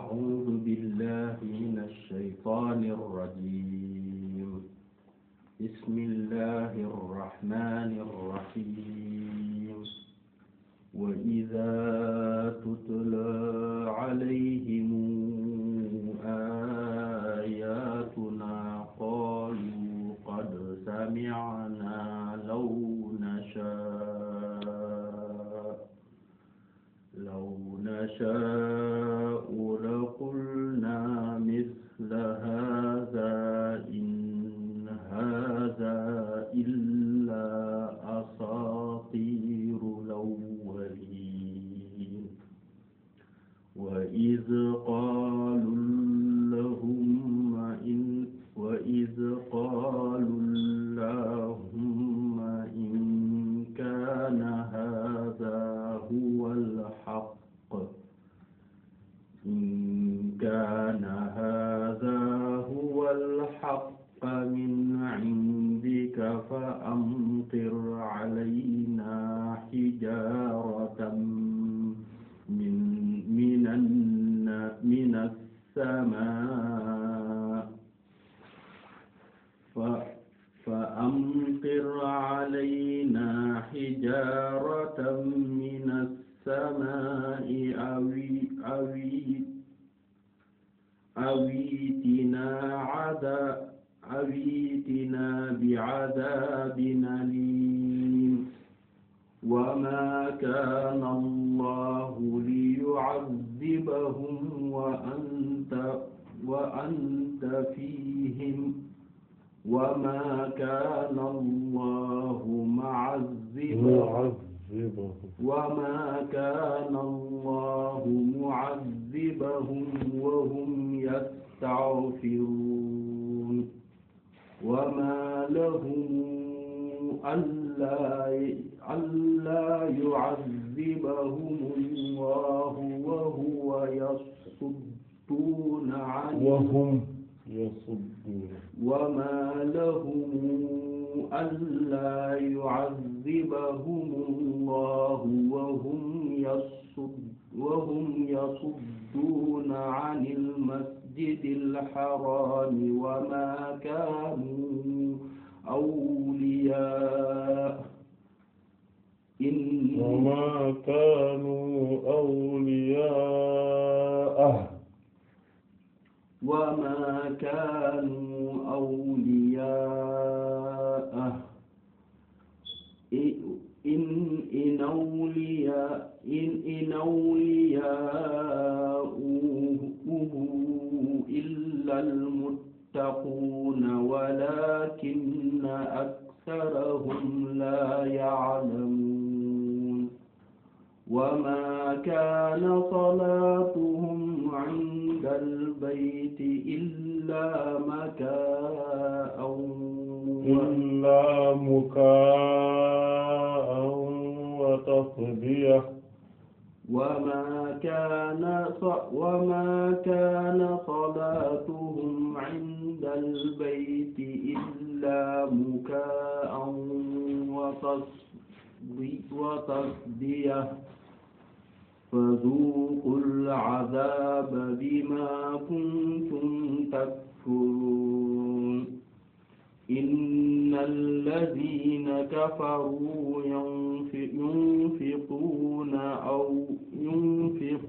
أعوذ بالله من الشيطان الرجيم بسم الله الرحمن الرحيم وإذا تتلى عليهم آياتنا قالوا قد سمعنا لو نشاء لو نشاء السماء فأمطر علينا حجارة من السماء أو ائتنا بعذاب أليم وما كان الله ليعذبهم وأنت وأنت فيهم وما كان الله معذبهم وما كان الله معذبهم وهم يستغفرون وما لهم ألا ألا يعذبهم الله وهو يصدون عنه وهم يصدون وما لهم ألا يعذبهم الله وهم يصدون وهم يصدون عن المسجد الحرام وما كانوا أولياء ma kaanu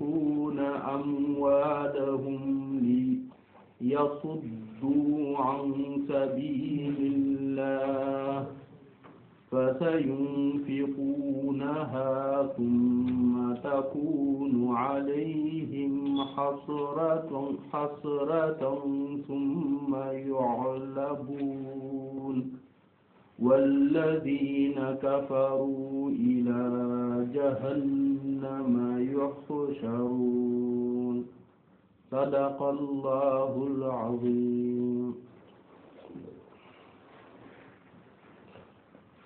ينفقون أموالهم ليصدوا عن سبيل الله فسينفقونها ثم تكون عليهم حسرة حسرة ثم يعلمون والذين كفروا إلى جهنم يحشرون صدق الله العظيم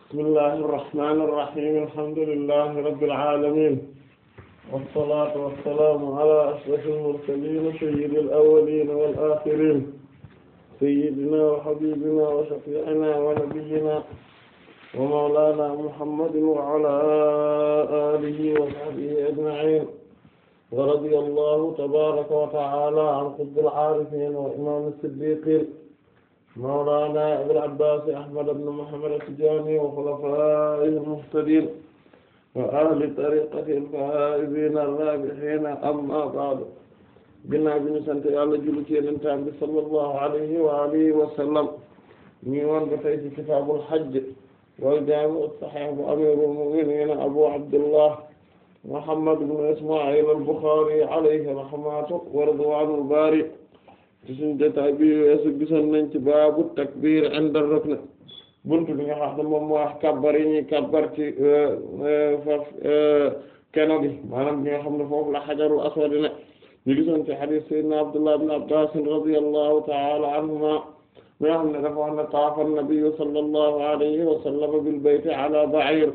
بسم الله الرحمن الرحيم الحمد لله رب العالمين والصلاة والسلام على أشرف المرسلين سيد الأولين والآخرين سيدنا وحبيبنا وشفيعنا ونبينا ومولانا محمد وعلى آله وصحبه أجمعين ورضي الله تبارك وتعالى عن قطب العارفين وإمام الصديقين مولانا أبي العباس أحمد بن محمد التجاني وخلفائه المهتدين وأهل طريقته الفائزين الرابحين أما بعد ginnaaw bi ñu sant yàlla julli ci yenentaan bi sallallahu alayhi wa alihi wa sallam ñu woon ba tey ci hajj wal jaami'u sahih bu amirul mu'minin abu abdullah muhammad ibn isma'il al-bukhari alayhi rahmatu wa ridwanul bari ci suñu bi weesu gisoon nañ ci baabu takbir inda rukn buntu bi nga xam ne moom moo wax kabbar yi ñuy kabbar ci euh, euh, faf euh, keno gi maanaam bi nga xam ne foofu la xajarul ñu gisoon ci hadith sayyidina Abdullah ibn Abbas radiyallahu ta'ala anhuma mi nga xam ne dafa wax ne taafa an-nabiyyu sallallahu alayhi wa sallam bil bayti ala ba'ir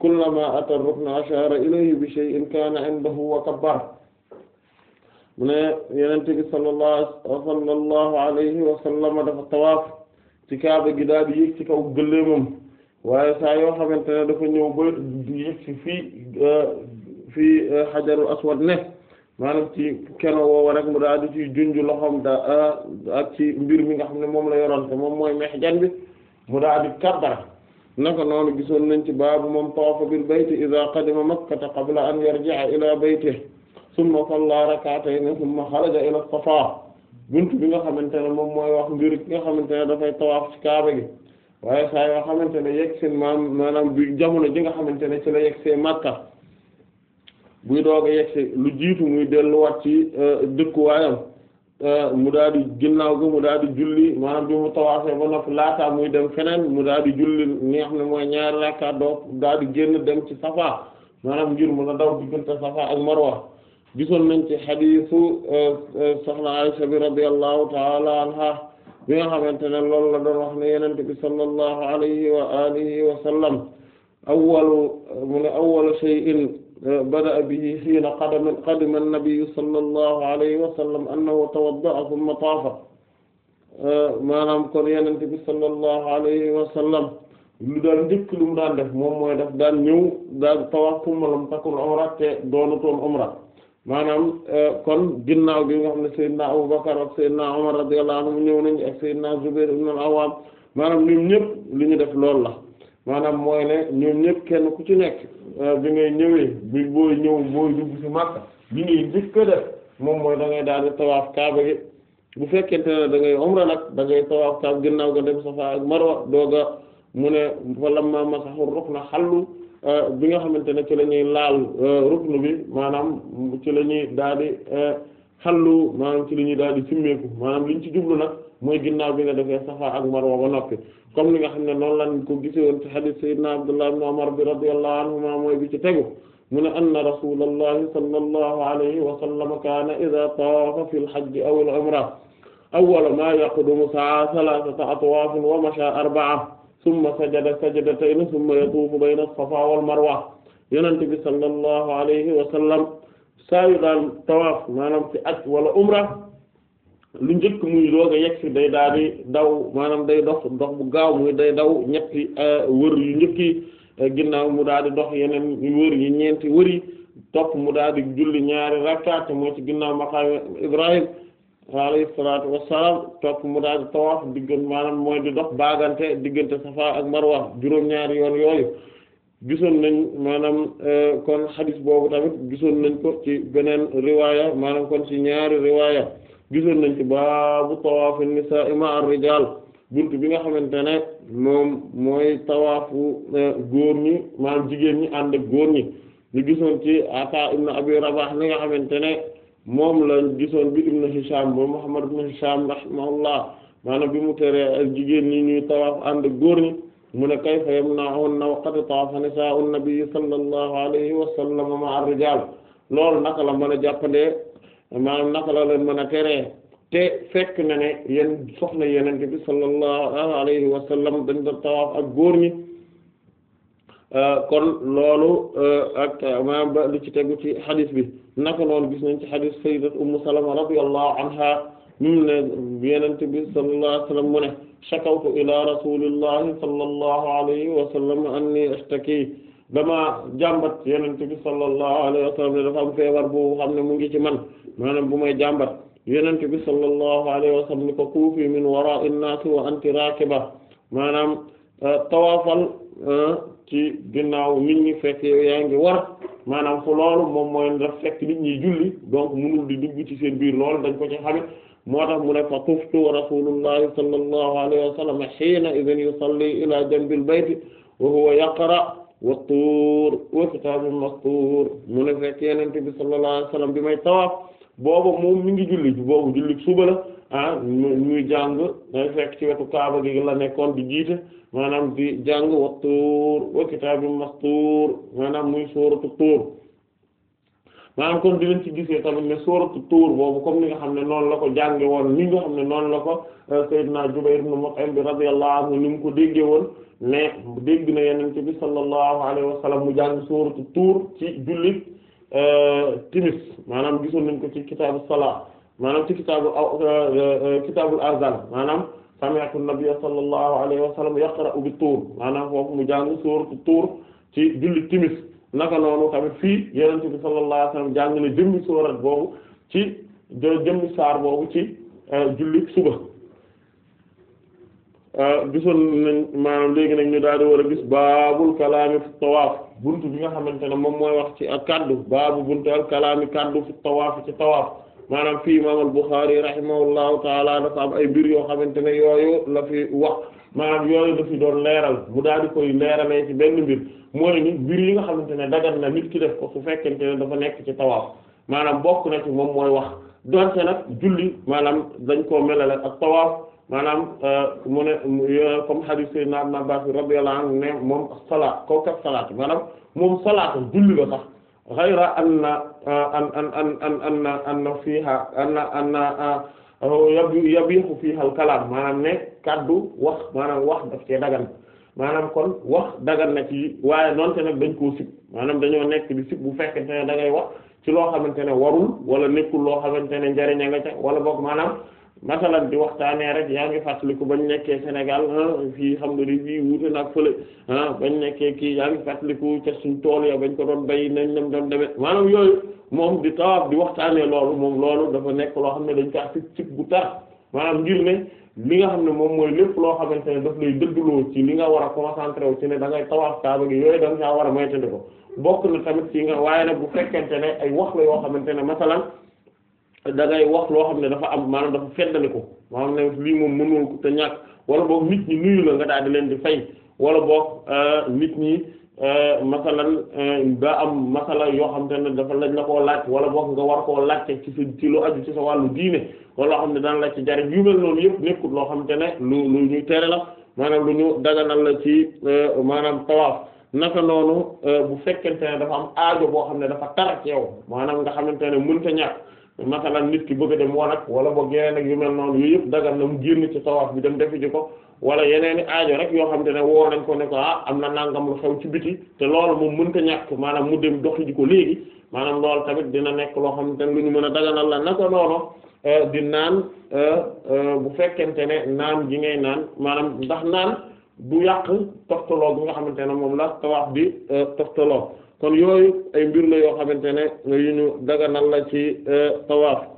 kullama ata ar-rukna ashara ilayhi bi shay'in kana 'indahu wa kabbara mu ne Yonent bi sallallahu alayhi wa sallam dafa tawaaf ci Kaaba gi daal di yéeg ci kaw gëléemam waaye saa yoo xamante ne dafa ñëw ba yéeg ci fii fii Hajarul Aswad ne maanaam ci keno woowa rek mu daal di ci junj loxoom da ah, ak ci mbir mi nga xam ne moom la yoroon moom mooy mexjan bi mu daal di kabbara naka noonu gisoon nañ ci baabu moom tawaafa bil bayti idha qadima makkata qabla an yarji'a ila baytihi summa salla rak'atayn summa xaraja ila safa buntu bi nga xamante ne moom mooy wax mbir ki nga xamante ne dafay tawaaf ci kaaba gi waaye saa yoo xamante ne yegg seen maam maanaam jamono ji nga xamante ne ci la yegg see Makka buy doog a yegsi lu jiitu muy delluwaat ci euh, dëkkuwaayam euh, mu daal di ginnaaw gi mu daal di julli maanaam bi mu tawaafee ba noppi laataa muy dem feneen mu daal di julli ni nga xam ne mooy ñaari rakka doo daal di génn dem ci safa maanaam ngir mu a daw diggante safa ak marwa gisoon nañ ci xadiisu euh, soxna Aysa bi radiyallahu taala anha bi nga xamante ne loolu la doon wax ne yenente bi sallallahu alayhi wa alihi wa sallam awwalu mu ne awwalu shay'in bada'a bihi hiina qadama qadima an-nabiyyu sallallahu alayhi wa sallam annahu tawadda'a thumma taafa maanaam kon yonent bi sallallahu alayhi wa lu daan njëkk lu mu daan def moom mooy def daan ñëw daan tawaaf thumma lam takun umra te doonutoon umra maanaam kon ginnaaw bi nga xam ne Seydina Abu Bakar ak Seydina Umar radiyallahu anhum ñëw nañu ak Seydina Zubayr ibn al-Awwam maanaam ñun ñëpp li ñu def loolu la. maanaam mooy ne ñoom ñëpp kenn ku ci nekk euh, bi ngay ñëwee bi booy ñëw booy dugg ci Makka bi ngay njëkk def moom mooy da ngay daal di tawaaf kaaba gi bu fekkee ne da ngay umra nag da ngay tawaaf kaaba ginnaaw ga dem Safa ak Marwa dooga mu ne fa lamma masahu rukna xallu euh, bi nga xamante ne ci lañuy ñuy laal euh, ruknu bi maanaam ci la ñuy daal di xallu maanaam ci li ñuy daal di simmeeku maanaam li ñu ci jublu nag mooy ginnaaw bi nga defee safa ak marwa ba noppi comme li nga xam ne noonu lañ ko gisee woon ci hadith sayyidina abdullah ibn umar bi radiyallahu anhuma mooy bi ci tegu mu ne anna rasulallahi sallallahu alayhi wa sallam kaana idha taafa fi al-hajj aw al-umra awwala ma yaqudumu sa'a thalathata atwaafin wa masha arba'a thumma sajada sajdatayn thumma yatuufu bayna as-safa wal marwa yonent bi sallallahu alayhi wa sallam saa yu daal tawaaf maanaam ci aj wala umra lu njëkk muy doog a si day daal di daw maanaam day dox dox bu gaaw muy day daw ñetti euh, wër yu yi euh, ginnaaw mu daal di dox yeneen wër yi ñeenti wër yi topp mu daal di julli ñaari rakkaat moo ci ginnaaw maqaam Ibrahim alayhi salaatu topp mu daal di tawaaf diggante maanaam mooy di dox baagante diggante Safa ak Marwa juróom-ñaari yoon yooyu gisoon nañ maanaam euh, kon xadis boobu tamit gisoon nañ ko ci beneen riwaaya maanaam kon ci ñaari riwaaya gisoon nañ ci baabu tawaafu nisaa ima ar-rijaal buntu bi nga xamante ne moom mooy tawaafu euh, góor ñi maanaam jigéen ñi ànd ak góor ñi ñu gisoon ci Ataa ibn Abi Rabaah li nga xamante ne moom la gisoon bi ibn Hishaam ba Muhammad ibn Hishaam rahimahullah maanaam bi mu teree ak jigéen ñi ñuy tawaaf ànd ak góor ñi mu ne kayfa yamna'unna wa qad taafa nisaa'u nabiyyi sallallahu alayhi wa sallam ma'a rijaal loolu naka la mën a jàppandee maanaam naka la leen mën a teree te fekk na ne yéen soxna Yonent bi sallallahu alayhi wa sallam dañ doon tawaaf ak góor ñi euh, kon loolu euh, ak maanaam ba li ci tegu ci xadis bi naka noonu gis nañ ci xadis sayyidat Ummu Salama radiyallahu anha mu ne bi sallallahu wa sallam mu shakawtu ila rasulillahi sallallahu alayhi wa anni ashtaki dama jàmbat yenent bi sallallahu alayhi wa sallam ne feebar boobu xam ne mu ngi ci man maanaam bu may jàmbat yenent bi sallallahu alayhi wa sallam ni ko kuufi min wara'i nnaasi wa anti rakiba maanaam euh, tawaafal euh, ci ginnaaw nit ñi fekk yow yaa ngi war maanaam fu loolu moom mooy daf fekk nit ñi julli donc mënul di dugg ci seen biir lool dañ ko ci xame moo tax mu ne fa tuftu wa rasulullahi sallallahu alayhi wa sallam hiina idhin yusalli ila janbil bayti wa huwa yaqra wa tuur wa kitaabin mastuur mu ne fekk yenente bi sallallahu alayhi wa sallam bi may tawaaf booba moom mi ngi julli boobu julli suba la ah muy jàng day fekk ci wetu kaaba gi la nekkoon di jiite maanaam di jàng wa tuur wa kitaabin mastuur maanaam muy suuratu tuur maanaam kon dinañ ci gisee tamit ne sooratu Tuur boobu comme ni nga xam ne noon la ko jànge woon ni nga xam ne noonu la ko euh, Seydina Jubayr ibn Mut'im bi radiyallahu anhu ni mu ko déggee woon ne dégg na Yonent bi sallallahu alayhi wa sallam mu jàng sooratu Tuur ci jullit euh, timis maanaam gisoon nañ ko ci kitaabu salaa maanaam ci kitaabu euh, kitaabul azan maanaam sami'tu nabiyya sallallahu alayhi wa sallam yaqra'u bi Tuur maanaam foofu mu jàng sooratu Tuur ci jullit timis naka noonu tamit fii yenente bi sallallahu alayhi wasallam jàng na jëmmi sóorat boobu ci jëmmi saar boobu ci euh, julli suba euh, gisoon nañ maanaam léegi nañ ni daal di war a gis baabul kalaami fi tawaaf buntu bi nga xamante ne moom mooy wax ci ak kaddu baabu buntu al kalaami kaddu fi tawaaf ci tawaaf maanaam fii imaam al Buxaari rahimahullahu taala dafa am ay mbir yoo xamante ne yooyu la fi wax maanaam yooyu la doon leeral mu daal di koy leeralee ci benn mbir mooy nit mbir yi nga xamante ne dagan na nit ki def ko su fekkente ne dafa nekk ci tawaaf maanaam bokk na ci moom mooy wax donte nag julli maanaam dañ koo melale a tawaaf maanaam euh, mu ne comme hadith sayyidina Ibn Abbas moom salaat kooku ak moom salaat julli la sax ghayra anna euh, an an an an anna anna fiha anna anna euh, yabihu fiha al kalam maanaam ne kaddu wax maanaam wax daf cee dagan maanaam kon wax dagan na ci waaye donte nag dañ koo sib maanaam dañoo nekk di sib bu fekkente ne da ngay wax ci loo xamante ne warul wala nekkul loo xamante ne njariña nga ca wala boog maanaam masalan di waxtaanee rek yaa ngi fàttaliku bañ nekkee Sénégal ah, fii xam nga ni fii wuute na ak fële ah, bañ nekkee kii yaa ngi fàttaliku ca suñ tool ya bañ ko doon bay nañ dem doon demee maanaam yooyu moom di tawaab di waxtaanee loolu moom loolu dafa nekk loo xam ne dañ ko sib bu tar maanaam ngir li nga xam ne moom mooy lépp loo xamante ne daf lay dëdduloo ci li nga war a concentré wu ci ne da ngay tawaaf kaaba gi yooyu da nga war a moytandi ko bokk na tamit ci nga waaye ne bu fekkente ne ay wax la yoo xamante ne masalan da ngay wax loo xam ne dafa am maanaam dafa feddali ko xam ne lii moom mënul ko te ñàkk wala boog nit ñi nuyu la nga daal di leen di fay wala boog euh, nit ñi Euh, masalan daa euh, am masala yoo xam ne dafa lañ la koo laaj wala boog nga war koo laajte ci sa ci lu aju ci sa wàllu diine wala xam ne daan la ci jariñ yu mel noonu yëpp nekkul loo xam te ne lu lu ñuy tere la maanaam lu ñu daganal la ci euh, maanaam tawaaf naka noonu bu fekkente ne dafa am aajo boo xam ne dafa tar ci yow maanaam nga xamante ne mënta ñàkk masalan nit ki bëgg a dem wanag wala boo yeneen ak yu mel noonu yooyu yëpp dagan na mu génn ci tawaaf bi dem defi ko wala yeneen i aajo rek yoo xam te ne woo nañ ko ne ah am na nangam lu xew ci biti te lool moom mën mënta ñàkk maanaam mu dem doxi ji ko léegi maanaam lool tamit dina nekk loo xam te ne lu ñu mën a daganal la naka noonu euh, di naan euh, euh, bu fekkente ne naan gi ngay naan maanaam ndax naan du yàq toftaloo bi nga xamante ne moom la tawaaf bi toftaloo kon yooyu ay mbir la yoo xamante ne yu ñu daganal la ci tawaaf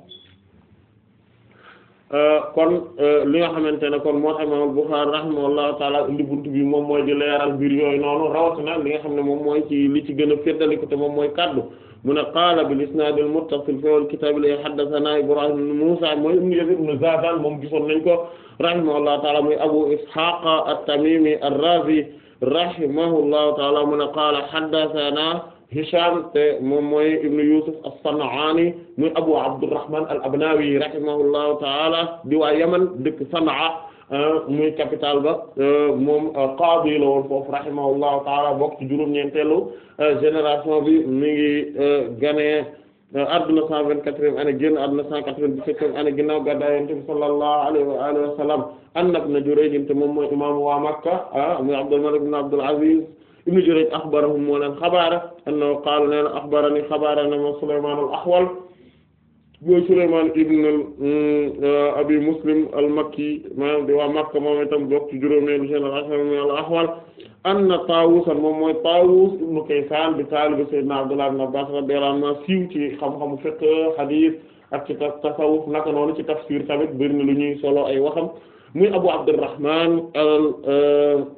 Euh, kon euh, li nga xamante ne kon moo tax imam Bukhari rahimahullahu indi buntu bi moom mooy di leeral mbir yooyu noonu rawatina li nga xam ne moom mooy ci li ci gën a féddaliku te moom mooy kaddu mu ne qaala bil isnaad al muttasil fi al kitaab li haddathana Ibrahim ibn Muusa mooy ibn Yazid ibn Zaadan moom gisoon nañ ko rahimahullahu taala muy Abu Ishaq at-Tamimi ar-Raazi rahimahullahu taala mu ne qaala haddathana Hisham te moom mooy ibnu Yusuf as-San'aani al-Abnawi rahimahullahu taala di waa Yaman dëkk San'a euh, muy capital ba euh, mom euh, qaadi la woon foofu rahimahullahu taala bokk ci juróom-ñeenteelu génération bi mi ngi ganee adduna 124e année génn adduna 197 a année ginnaaw gàddaay Yonent bi ah, Abdul Malik ibn Abdul Aziz ibnu Jurayj axbarahum moo leen xabaare annahu qaala nee na axbarani xabaare na ma Sulaymaan al-Axwal mooy Sulaymaan ibn euh, Abi Muslim al-Makki maanaam di waa Makka moom itam bokk ci juróomeelu génération mi al-Axwal anna Taawusan moom mooy Taawus ibnu Kaysaan di taalibu Sayyidina Abdullah ibn Abbaas radiyallahu anhu siiw ci xam-xamu fiqh hadiis ak ci tasawuf naka noonu ci tafsir tamit bëri na lu ñuy solo ay waxam muy Abu Abdurrahmaan al euh,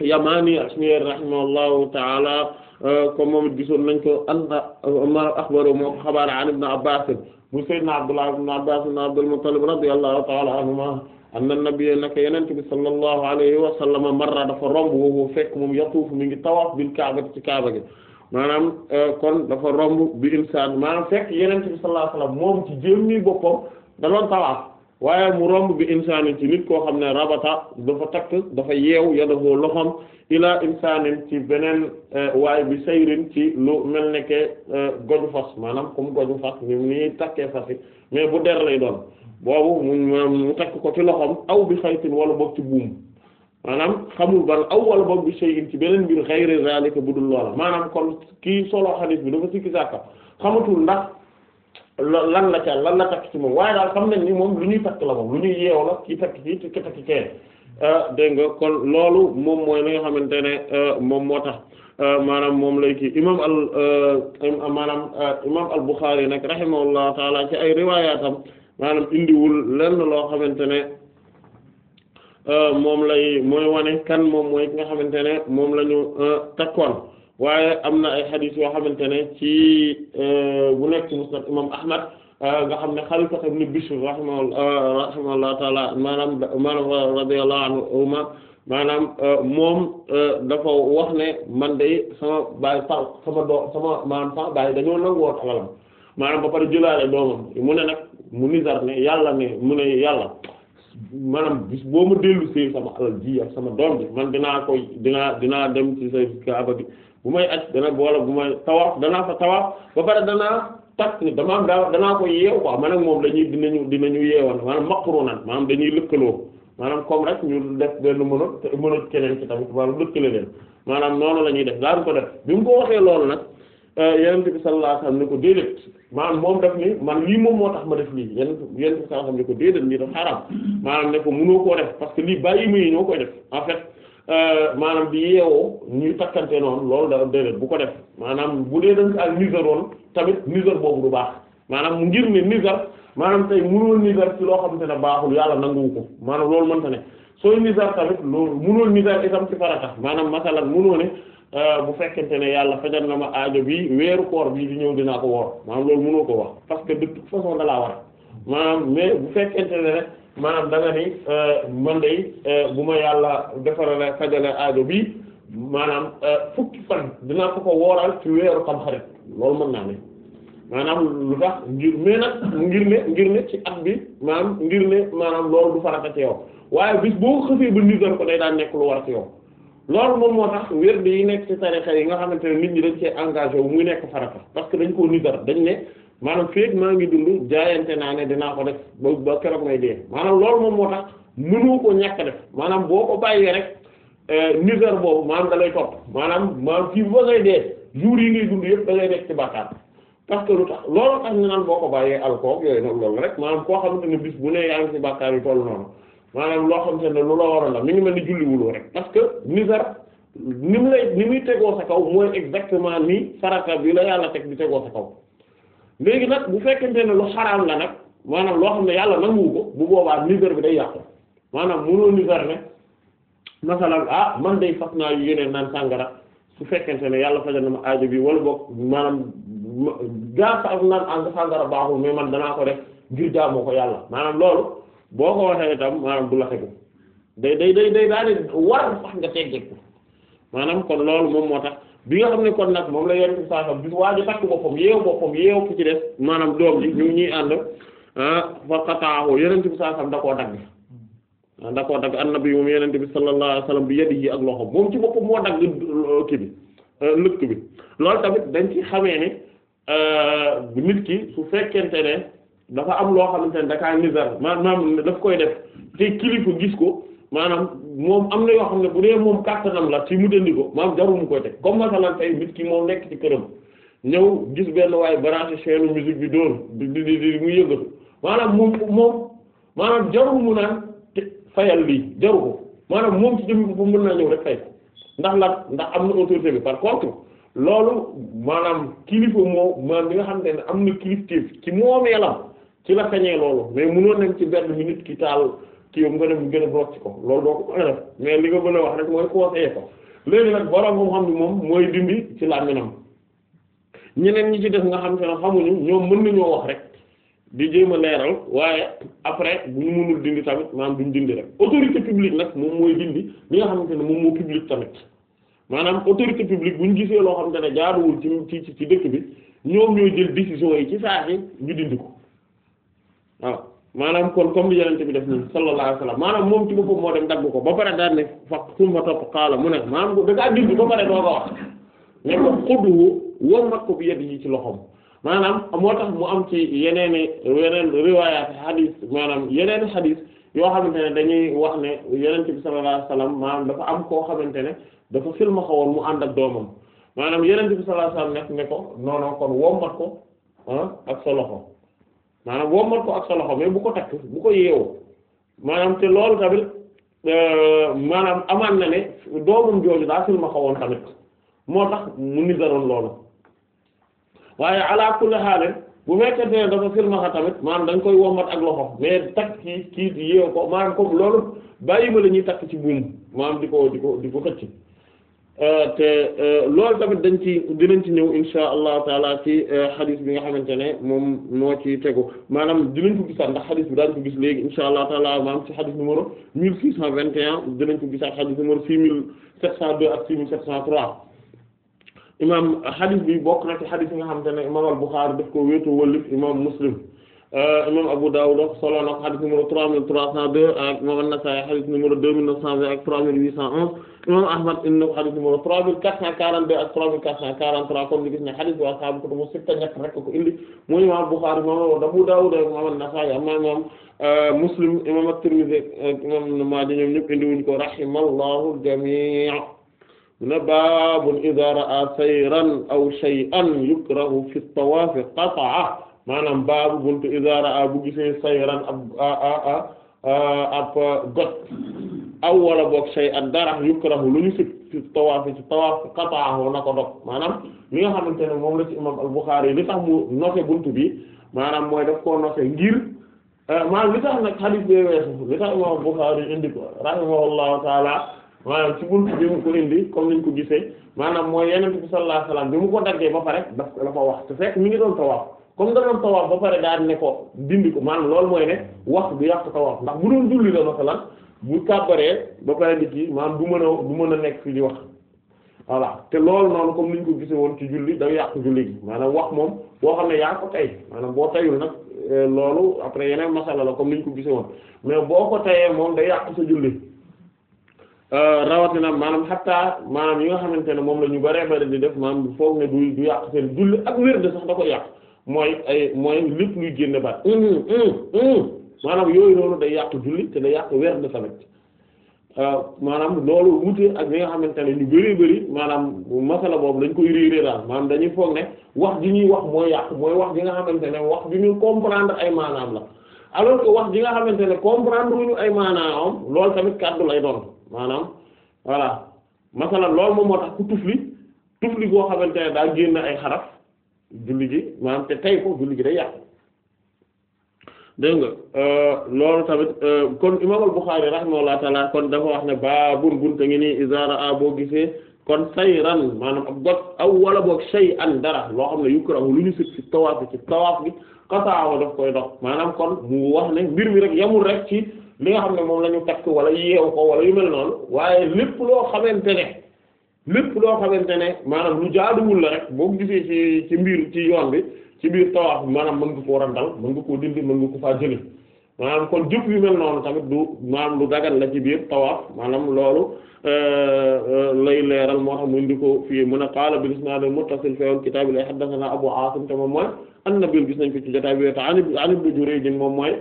yamaani asmir rahimahullahu taala ko euh, moom it gisoon nañ ko anna ma axbaro moo ko xabaar an ibn abbas bu sayyidina abdullah ibn abbas ibn abdul muttalib radiyallahu taala anhuma anna nabiyya naka yenente bi sallallahu alayhi wa sallama marra dafa romb woowu fekk moom yatuuf mi ngi tawaaf bil kaaba ci kaaba gi maanaam euh, kon dafa romb bi insaan maanaam fekk yenente bi sallallahu alayhi wa sallam moom ci jéem mi boppam da doon tawaaf waaye mu romb bi insaanin ci nit koo xam ne rabata dafa takk dafa yeew yadahu loxoom ilaa insaanin ci beneen eh, waaye bi sayrin ci lu mel ne ke eh, goju fas maanaam comme goju fas ni nii takkee fas mais bu der lay doon boobu mu mu takk ko ci loxoom aw bi xaytin wala boog ci buum maanaam xamul ban aw wala boog bi sayin ci beneen mbir xayri zalika bu dul loola maanaam kon kii solo xadiis bi dafa sikki sàkka xamatul ndax lan la ca lan la takk ci moom waaye daal xam nañ ni moom lu ñuy takk la moom lu ñuy yeew la ci takk ci takk kee ah, dégg nga kon loolu moom mooy li nga xamante ne ah, moom moo tax ah, maanaam moom lay kii imam al maanaam imam al Bukhari nag rahimahullahu taala ci ay riwayaatam maanaam indiwul lenn loo xamante ne moom lay mooy wane kan moom mooy ki nga xamante ne moom la ñu takkoon waaye am na ay xadis yoo xamante ne ci euh, bu nekk ci musnad imam ahmad euh, nga xam ne xalifa ibn Bishr euh, rahimahullah taala maanaam maanaam radiyallahu anhu maanaam moom dafa wax ne man de sama baay pa sama doo sama maanaam pa baay dañoo nanguwoon alalam maanaam ba pare jëlaale doomam mu ne nag mu nizar ne yàlla ne mu ne yàlla maanaam bis boo ma dellu see sama alal sama doom bi man dinaa koy dinaa dinaa dem ci sa kaaba bi bu may aj dana wala bu may tawaaf danaa fa tawaaf ba pare danaa takk damaa daa danaa ko yeew quoi man ak moom dañuy dinañu dinañu yeewan maanaam maqrunan maanaam dañuy lëkkaloo maanaam comme rek ñu def benn mënat mënat keneen ci tamit wala lëkkale leen maanaam noonu la ñuy def daan ko def bi mu ko waxee loolu nag euh, yenente bi sallallahu alayhi wasallam ko déedéet maanaam moom def ni man lii moom moo tax ma def lii yenent yenente bi sallallahu alayhi wasallam ne ko déedéet lii daf xaraam maanaam ne ko parce que lii bàyyi ma yi Euh, maanaam di yeewoo ñuy takkante noonu loolu da déedéet bu ko def maanaam bu dee danga ak niseroon tamit niser boobu du baax maanaam ngir ne niser maanaam tey mënul niser ci loo xamante ne baaxul yàlla nanguwu ko maanaam loolu mënta ne sooy niser tamit loolu mënul niser itam ci farata maanaam masalan mënoo ne euh, bu fekkente ne yàlla fajal na ma aajo bi weeru koor bii di ñëw dinaa ko woor maanaam loolu mënoo ko wax parce que de toute façon da laa war maanaam mais bu fekkente ne rek maanaam da nga ni euh, man day euh, bu ma yàlla defarale fajale aajo bi maanaam euh, fukki fan dinaa ko ko wooral ci weeru tamxarit loolu mën naa ne maanaam lu tax ngir mais nag ngir ne ngir ne ci at bi maanaam ngir ne maanaam loolu du farata ci yow waaye bis boo xëfee ba nisar ko day daan nekk lu war yow loolu moom moo tax wér yi nekk tarixa yi nga xamante ne nit ñi dañ cee engagé wu muy nekk farata parce que dañ koo dara dañ ne maanaam feek maa ngi dund jaayante naa ne dinaa ko def ba ba keroog may dee maanaam loolu moom moo tax mënu ko ñàkk def maanaam boo ko bàyyee rek euh, misère boobu maanaam da lay topp maanaam maanaam fii ba ngay dee jour yi ngay dund yëpp da ngay nekk ci bàkkaar parce que lu tax loolu tax ñu naan boo ko bàyyee alcool yooyu nag loolu koo xam ne bis bu ne yaa ngi ci bàkkaar yu toll noonu maanaam loo xam ne lu la waroon la mi ngi mel ni julliwuloo rek parce que misère ni mu lay ni muy tegoo sa kaw mooy exactement ni farata bi la yàlla teg di tegoo sa kaw léegi nag bu fekkente ne lu xaraam la nag maanaam loo xam ne yàlla nanguwu ko bu boobaa misère bi day yàqu maanaam mënoo misère ne masalan ah man day fas naa yu yeneen naan sàngara su fekkente ne yàlla fajal na ma aajo bi wala boog maanaam gaa sa am naan ànd ah, sàngara baaxul mais man danaa ko rek ngir jaamoo ko yàlla maanaam loolu boo ko waxee itam maanaam du la tegu day day day war sax nga teggeeku maanaam kon loolu moom moo tax bi nga xam ne kon nag moom la yonent bi sallallahu alayhi wasallam bi waa ji takk boppam yeewu boppam yeewu ki ci des maanaam doom ji ñu ñuy ànd ah, fa qata'ahu yonent bi sallallahu alayhi wasallam da koo dagg ah, da koo dagg annabi moom yonent bi sallallahu alayhi wasallam bi yadihi ak loxoom moom ci boppam moo dagg euh, kii bi euh, lëkk bi loolu tamit dañ ci xamee ne bu euh, nit ki su fekkente ne dafa am loo xamante ne da kaa nizar maanaam daf koy def te kilifa gis ko maanaam moom am na yoo xam ne bu dee moom kàttanam la ci mu dindi ko maam jarul mu koy teg comme masalan tey nit ki moom nekk ci këram ñëw gis benn waaye branché chaîne musique bi dóor di di di mu yëngatu maanaam moom moom maanaam jarumu mu naan te fayal lii jaru ko maanaam moom ci jëm ko mun naa ñëw rek fay ndax la ndax am na autorité bi par contre loolu maanaam kilifa moo maanaam bi nga xam ne am na kilifteef ci moomeelam ci la sañee loolu mais mënoon nañ ci benn ki taal. kii yom nga def gën a bloqué ko loolu doo ko mën a def mais li nga mën a wax rek mooy conseiller ko léegi nag borom moom xam ne moom mooy dindi ci làmmiñam ñeneen ñi ci def nga xam te ne xamuñu ñoom mën nañoo wax rek di jéem a leeral waaye après bu ñu mënul dindi tamit maanaam ñu dindi rek autorité publique nag moom mooy dindi li nga xamante ne moom moo publique tamit maanaam autorité publique bu ñu gisee loo xam ne jaaduwul ci ci ci dëkk bi ñoom ñooy jël décision yi ci saa si ñu dindi ko maanaam kon comme li yenente bi def nii sallallahu alayhi wasallam maanaam moom ci boppam moo dem dagg ko ba pare daal ne fa a topp xaala mu ne maanaam da ngaa dindi ba pare doo ko wax ne ko xudduwu wom mat ko bi yedd yi ci loxoom maanaam moo tax mu am ci yeneeni yeneen riwaayaat xadiis maanaam yeneeni xadiis yoo xamante ne dañuy wax ne yenente bi sallallahu alayhi wasallam maanaam dafa am koo xamante ne dafa silma xawoon mu ànd ak doomam maanaam yenente bi sallallahu alayhi wasallam nekk ne ko noonon kon wom mat ko ah, ak sa loxo maanaam wommat ko ak sa loxo mais bu ko takk bu ko yeewoo maanaam te loolu tamit euh, maanaam amaan na ne doomum jooju daa silma xawoon tamit moo tax mu nisaroon loolu waaye ala kulli xaale bu fekkente ne dafa silmaxa tamit maanaam dañ koy wommat ak loxo mais takk kii kii yeew ko maanaam comme loolu bàyyi ma la ñuy takk ci buum maanaam di ko di ko di ko xëcc Euh, te euh, loolu tamit dañ ci dinañ ci ñëw insha allahu taala ci euh, xadis bi nga xamante ne moom moo ci tegu maanaam dinañ ko gisaat ndax xadis bi daal ko gis léegi insha allahu taala maanaam ci xadis numéro mille six cent vingt et un dinañ ko gisaat xadis numéro six mille sept cent deux ak six mille sept cent trois imaam xadis bi bokk na ci xadis yi nga xamante ne imaam al Buxaari def ko wéetoo wëlif imaam Muslim Euh, imam Abu Dawud solo na ko xadis numéro 3302 ak imam An-Nasa'i xadis numéro 2920 ak 3811 imam Ahmad indi na ko xadis numéro 3442 ak 3443 comme ni gis ne xadis wa ashaabu kutubu sitta ñett rek ko indi mooy imam Bukhari imam Abu Dawud ak imam An-Nasa'i amma imam euh, Muslim imam At-Tirmidhi ak imam Ibn Maaja ñoom ñëpp indi wuñ ko rahimallahu al-jamii' na baabun idhaa ra'aa sayran aw shay'an yukrahu fi at-tawaaf qata'a maanaam baabu buntu izara a bu gisee sayran ab a ab got aw wala boog say ak dara yukrahu lu ñu si ci tawaaf ci tawaaf qata'ahu na ko dog maanaam li nga xamante ne moom la ci imam al-Bukhari li tax mu nofe bunt bi maanaam mooy daf koo nofe ngir euh, maanaam li tax nag hadith bee weesu li tax imam al-Bukhari indi ko rahimahullahu taala maanaam ci buntu bi mu ko indi comme niñ ko gisee maanaam mooy yeneen bi sallallahu alayhi wasallam bi mu ko daggee ba pare daf dafa wax te fekk mi ngi doon tawaaf comme da doon tawaaf ba pare daal ne ko dindi ko maanaam loolu mooy ne wax du yàq tawaaf ndax bu doon julli la masalan bu kàbbaree ba pare di kii maanaam du mën a du mën a nekk fi di wax voilà te loolu noonu comme ni ñu ko gise woon ci julli da yàq julli gi maanaam wax moom boo xam ne yaa ko tey maanaam boo tayul nag euh, loolu après yeneen masala la comme ni ñu ko gise woon mais boo ko tayee moom day yàq sa julli euh, rawatina maanaam xatta maanaam yi nga xamante ne moom la ñu bare bare di def maanaam foog yàq seen ak wér de sax da mooy ay mooy lépp luy génne baat maanaam yooyu noonu day yàq julli te day yàq weer de tamit euh, maanaam loolu wute ak li nga xamante ne ñu bari bari maanaam masala boobu dañ koy réeré daal maanaam dañuy foog ne wax ji ñuy wax mooy yàq mooy wax ji nga xamante ne wax ji ñuy comprendre ay maanaam la alors que wax ji nga xamante ne comprendre ñu ay maanaam lool tamit kàddu lay doon maanaam voilà masala loolu moom moo tax ku tufli tufli goo xamante ne daal génn ay xaraf julli gi maanaam te tey ko julli gi day yàqu dégg euh, loolu tamit euh, kon imam al-Bukhari rahimahullah taala kon dafa wax ne baabun bunte ngi nii izara a boo gisee kon say sayran maanaam ab got aw wala boog shay an dara loo xam ne yukrahu lu ñu sit ci tawaaf bi ci tawaaf bi xasaawa daf koy dox maanaam kon mu wax ne mbir mi rek yamul rek ci li xam ne moom lañu ñu takk wala yeew ko wala yu mel noonu waaye lépp loo xamante ne lépp loo xamante ne maanaam lu jaaduwul la rek boo gisee ci ci mbir ci yoon bi ci biir tawaaf maanaam mën nga koo randal mën nga koo dindi mën nga ko faa jëli maanaam kon jëf yu mel noonu tamit du maanaam lu dagal la ci biir tawaaf maanaam loolu euh, euh, lay leeral moo tax mu indi ko fii mu ne qaala bil isnaad al muttasil fi kitaab la haddathana Abu Aasim te moom mooy na nabil gis nañ ko ci jotaay bi an Ibn Jurayj moom mooy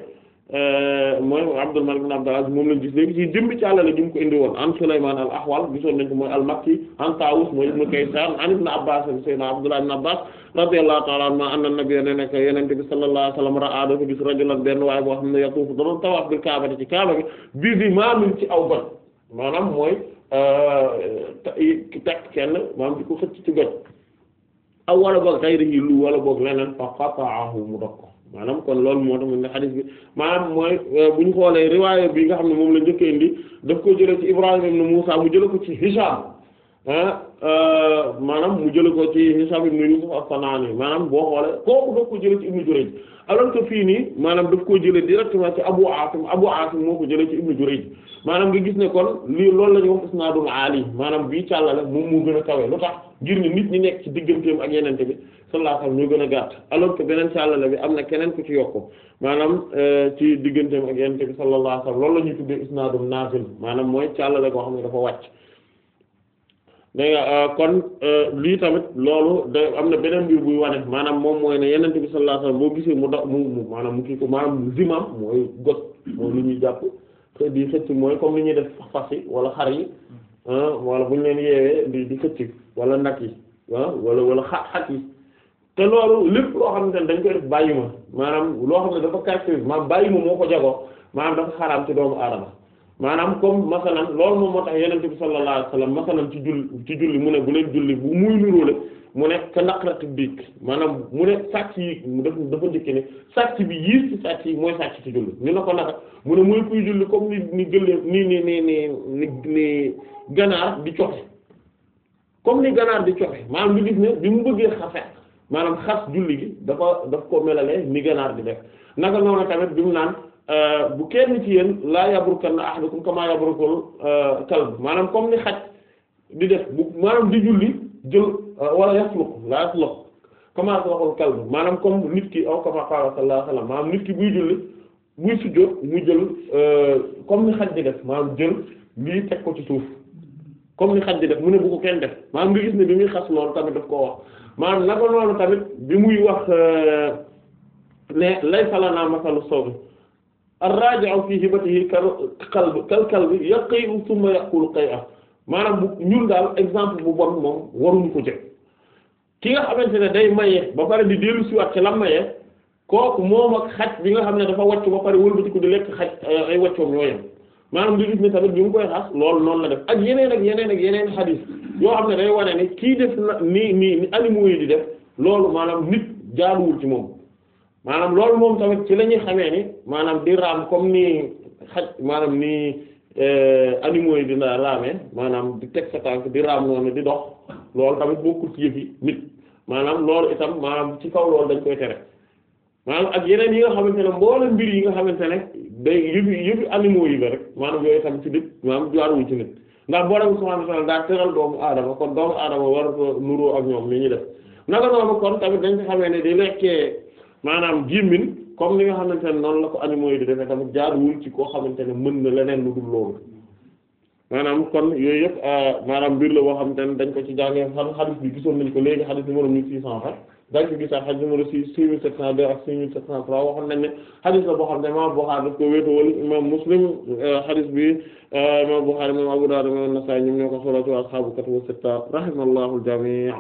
Euh, mooy Abdul Malik ibn Abdul Aziz moom lañ gis léegi ci jëmbi ci àllale gi mu ko indi woon an Sulaymaan al Ahwal gisoon nañ ko mooy al Makki an Taawus mooy ibn Kaysaan an ibn Abbaas sayyidina Abdullah ibn Abbaas radiyallahu ta'ala anhumaa anna nabiyya ne nekk Yonent bi sallallahu alayhi wa sallam ra'a rajulan benn waaye boo yatuufu doon tawaaf bil Kaaba ci Kaaba bi bi bi maamin ci aw ban maanaam mooy euh, teg kenn maanaam di ko xëcc ci goj aw wala boog xayrihi lu wala boog leneen fa qata'ahu mu dog maanaam kon loolu moo tax mu ne xadis bi maanaam mooy euh, bu ñu xoolee riwaaya bi nga xam ne moom la njëkk indi daf ko jële ci Ibrahim ibn Musa mu jële ko ci Hisham ah euh, maanaam mu jële ko ci Hisham ibn Yusuf as-Sanani maanaam boo xoolee kooku daf ko jële ci Ibn Jurayj alors que fii nii maanaam daf koo jële directement ci Abu Asim Abu Asim moo ko jële ci Ibn Jurayj maanaam ngi gis ne kon lii loolu la ñuy wax isnaadul aali maanaam bii càllale moom moo gën a kawe lu tax ngir ni nit ñi nekk ci digganteem ak yenente bi sallallahu alayhi wasallam ñu gën a gàtt alors que beneen càllale bi am na keneen ku ci yokku maanaam euh, ci digganteem ak yonent bi sallallahu alayhi wasallam loolu la ñuy tuddee isnaadum naazil maanaam mooy càllale goo xam ne dafa wàcc dégg nga euh, kon euh, lii tamit loolu da am na beneen mbir buy wane maanaam moom mooy ne yonent bi sallallahu alayhi wasallam boo gisee mu dox mu maanaam mu kii ko maanaam zimam mooy gos mooy lu ñuy jàpp xëy di xëcc mooy comme li ñuy def fas yi wala xar yi wala bu ñu di di wala nag yi te loolu lépp loo xamante ne dañ koy bàyyi ma maanaam loo xam ne dafa caractérise maanaam bàyyi ma moo ko jagoo maanaam dafa xaraam ci doomu aadama maanaam comme masalan loolu moom moo tax yeneen bi sallallahu alayhi wasallam masalan ci julli ci julli mu ne bu leen julli bu muy nuróole mu ne ka naqarati biig maanaam mu ne sàcc yi daf dafa njëkk ne sàcc bi yiis ci sàcc yi mooy sàcc ci julli ñu ne ko naka mu ne muy kuy julli comme ni ni gëlle ni ni ni ni ni ganaar di coxe comme maanaam li mu bëggee xafet maanaam xas julli gi dafa daf ko melale ni ganaar di def naka noonu tamit bi mu naan euh, bu kenn ci yéen laa yabrukanna ahadukum kama yabrukul euh, kalb maanaam comme ni di def bu maanaam di julli jël euh, wala yasluq laa yasluq kama yaslaqul kalb maanaam comme nit ki aw kama qaala sallallahu alayhi wasallam maanaam nit ki buy julli buy sujjóot mu jël comme ni xaj di def maanaam jël lii teg ko ci suuf comme li xaj di def mu ne bu ko kenn def maanaam nga gis ne bi muy xas loolu tamit daf koo wax maanaam naka noonu tamit bi muy wax euh, ne laysa lanaa masalu sawbi ar-raaji'u fii hibatihi kal kalbi kal kalbi yaqi'u thumma ya'kulu qay'a maanaam bu ñun daal exemple bu bon moom waruñu ko jël ki nga xamante ne day maye ba pare di dellu siwaat ci la maye kooku moom ak xaj bi nga xam ne dafa wàcc ba pare wëlbatiku di lekk xaj ay wàccoom ñooyam maanaam li gis ne tamit bi mu koy xas lool noonu la def ak yeneen ak yeneen ak yeneen xadiis yoo xam ne day wane ni kii def na nii nii ni animaux yi di def loolu maanaam nit jaaduwul ci moom maanaam loolu moom tamit ci la ñuy xamee ni maanaam di raam comme ni xaj maanaam ni euh, animaux yi dina raamee maanaam di teg a tànk di raam noonu di dox loolu tamit bokkul ci yëf yi nit maanaam loolu itam maanaam ci kaw loolu dañ koy tere maanaam ak yeneen yi nga xamante ne mboolem mbir yi nga xamante ne day yëfi yëfi animaux yi la rek maanaam yooyu tam ci nit maanaam jaaruwu ci nit ndax borom subhaanahu wa ta'aala daa tëral doomu aadama kon doomu aadama war nuroo ak ñoom li ñuy def naka noonu kon tamit dañ ko xamee ne di lekkee maanaam jimmin comme li nga xamante ne noonu la ko animaux yi di defee tamit jaaruwul ci koo xamante ne mën na leneen lu dul loolu maanaam kon yooyu yëpp euh, maanaam mbir la boo xamante ne dañ ko ci jàngee xam xadis bi gisoon nañ ko xam xadis numéro mille six cent dañ ko gisaat xadis numéro six six mille sept cent deux ak six mille sept cent trois waxoon nañ ne xadis la boo xam ne imam Bukhari daf ko wéetowal imam Muslim euh, xadis bi euh, imam Bukhari imam Abu Dawud ko solo ci ashaabu kutubu sitta rahimallahu al-jami'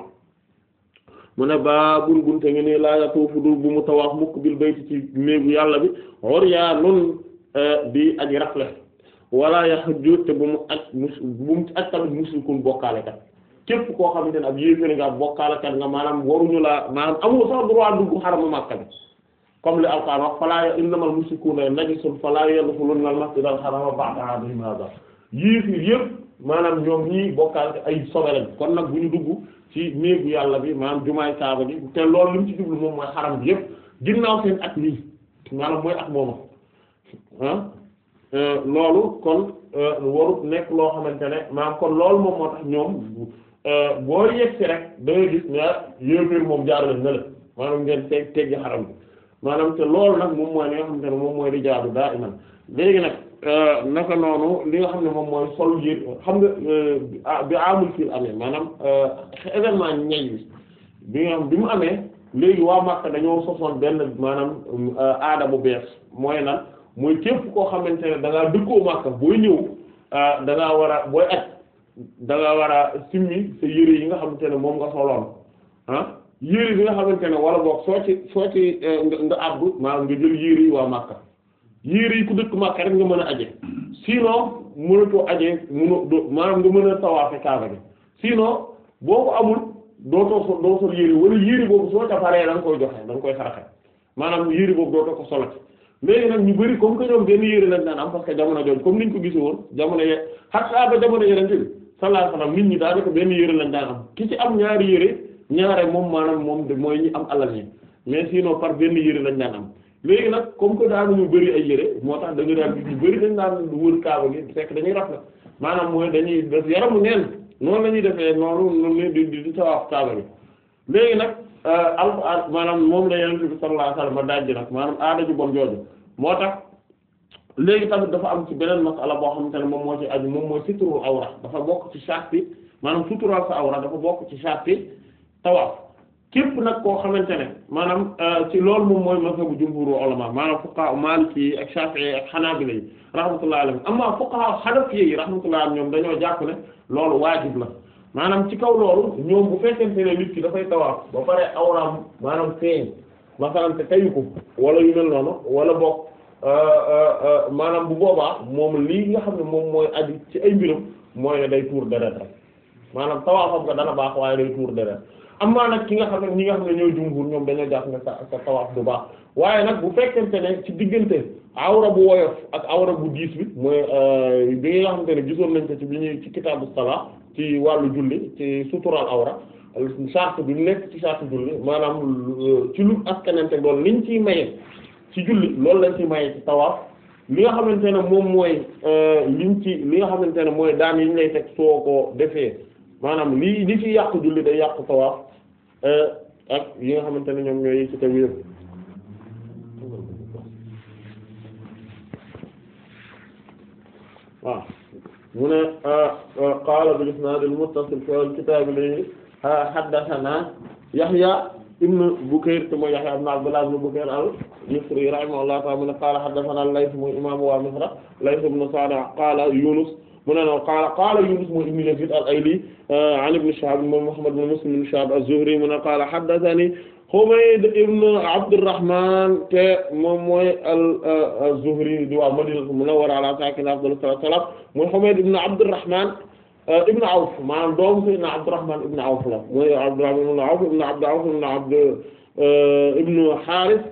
mu ne baabul bunte ngi nii laa yatuufu dul bu mu tawaaf mukk bil bayti ci néegu yàlla bi uryaanun euh, di aji rafle wala yahujju te bu mu aj bu mu aj tamit bokkaale kat képp koo xamante ne ab yéeféri nga ab bokkaalakat nga maanaam waruñu laa maanaam amul sax du dugg xaramu Makka comme li Alxuraan wax falaa innamal mushrikuuna najasun falaa yaqrabuuna al masjidal haraama ba'da aamihim haadaa yéefér maanaam ñoom ñii bokkaal ay sobe kon nag bu dugg ci néegu yàlla bi maanaam bi te loolu li mu ci jublu moom mooy xaram ginnaaw seen at nii maanaam mooy ah, euh, loolu kon euh, waru nekk loo xamante ne maanaam kon loolu moom moo tax ñoom Euh, boo yegg si rek da ngay gis ne ah yéeféer moom jaar nañ ne la maanaam ngeen teg teggi xaram bi maanaam te loolu nag moom mooy li nga moom mooy di jaadu daa iman léegi nag euh, naka noonu li nga xam ne moom mooy sol yéen xam nga euh, ah, bi amul fil amee maanaam événement ñay bi bi nga mu amee léegi waa Makka dañoo sosoon benn maanaam aada mu bees mooy lan mooy képp koo xamante ne da ngaa dëkkoo Makka booy ñëw da war a booy at da nga war a simmi sa yére yi nga xamante ne moom nga soloon ah yére bi nga xamante ne wala boog soo ci soo ci eh, nga abdu maanaam nga jël yére yi waa Makka yére yi ku dëkk Makka rek nga mën a aje sinon mënatoo aje mënoo doo maanaam nga mën a tawaafe kaaba bi sinon boo ko amul dootoo so doo sol yére wala yére boobu soo ca paree da nga koy joxe da koy saraxe maanaam yére boobu dootoo ko solati léegi nag ñu bëri comme que ñoom benn yére lañ daan am parce ye sallallahu alayhi wasallam nit ñi daanaka benn yére lañ daan am ki ci am ñaari yére ñaare moom maanaam moom de mooy ñi am alal allergie mais sinon par benn yére lañ daan am léegi nag comme que ñu bëri ay yére moo tax dañu nga daan ñu bëri dañ daan wër kaaba gi fekk dañuy raf la maanaam mooy dañuy def yaramu neen noonu la ñuy defee noonu noonu di di di tawaaf kaaba gi léegi nag euh, al maanaam moom la yonent bi sallallahu alayhi wasallam dajji nag maanaam aada ju bon jooju moo tax léegi tamit dafa am ci beneen masala boo xamante ne moom moo ci aju moom mooy suturul awra dafa bokk ci sarti maanaam sutural sa awra dafa bokk ci sarti tawaaf képp nag koo xamante ne maanaam euh, ci loolu moom mooy mazhabu jumhuru ulama maanaam fuqaha maliki ak shafi'i ak hanabila yi rahmatullahi alayhim amma fuqaha hanafi yi rahmatullahi alayhim ñoom dañoo jàpp ne loolu waajib la maanaam ci kaw loolu ñoom bu fekkente ne nit dafay tawaaf ba pare awraam maanaam feeñ masalan te tayu ko wala yu mel noonu wala bokk Euh, euh, euh, maanaam bu boobaa moom lii nga xam ne moom mooy aju ci ay mbiram mooy ne day tuur deret rek maanaam tawaafam nga dana baax waaye day tuur deret amaa nag ki nga xam ne ñi nga xam ne ñooy jumhur ñoom dañoo jàpp ne sa sa tawaaf du baax waaye nag bu fekkente ne ci diggante awra bu woyof ak awra bu diis bi mooy bi nga xamante ne gisoon nañ ko ci bi ñuy ci kitaabu salaa ci wàllu julli ci sutural awra charte bi nekk ci charte julli maanaam ci lu askanante doon liñ ciy maye ci julli loolu lañ ci maye ci tawaaf li nga xamante ne moom mooy euh, liñ ci li nga xamante ne mooy daan yi ñu lay teg soo ko defee maanaam lii li ci yàqu julli day yàqu tawaaf euh, ak yi nga xamante ne ñoom ñooy ci tegu yëpp waaw mu ne euh, qaala bil isnaad al muttasil fi al kitaab li haddathana Yahya ibn Bukayr te mooy Yahya ibn Abdullah ibn Bukayr al-Misri rahimahullahu ta'ala mu ne qaala haddathana al-Layth mooy imam wa Misra Layth ibn Sa'd qaala Yunus mu ne no qaala qaala Yunus mooy ibn Yazid al-Ayli an ibn Shihab moom Muhammad ibn Muslim ibn Shihab az-Zuhri mu ne qaala haddathani Humayd ibn Abdurrahman te moom mooy al-Zuhri di waa Madina al-Munawwara ala saakinihaa afdalu salaatu wa salaam mooy Humayd ibn Abdurrahman Euh, ibn Awf maanaam doomu sayyidina Abdurrahman ibn Awf la mooy Abdurrahman ibn Awf ibn Abd Awf ibn Abd euh, ibn Harith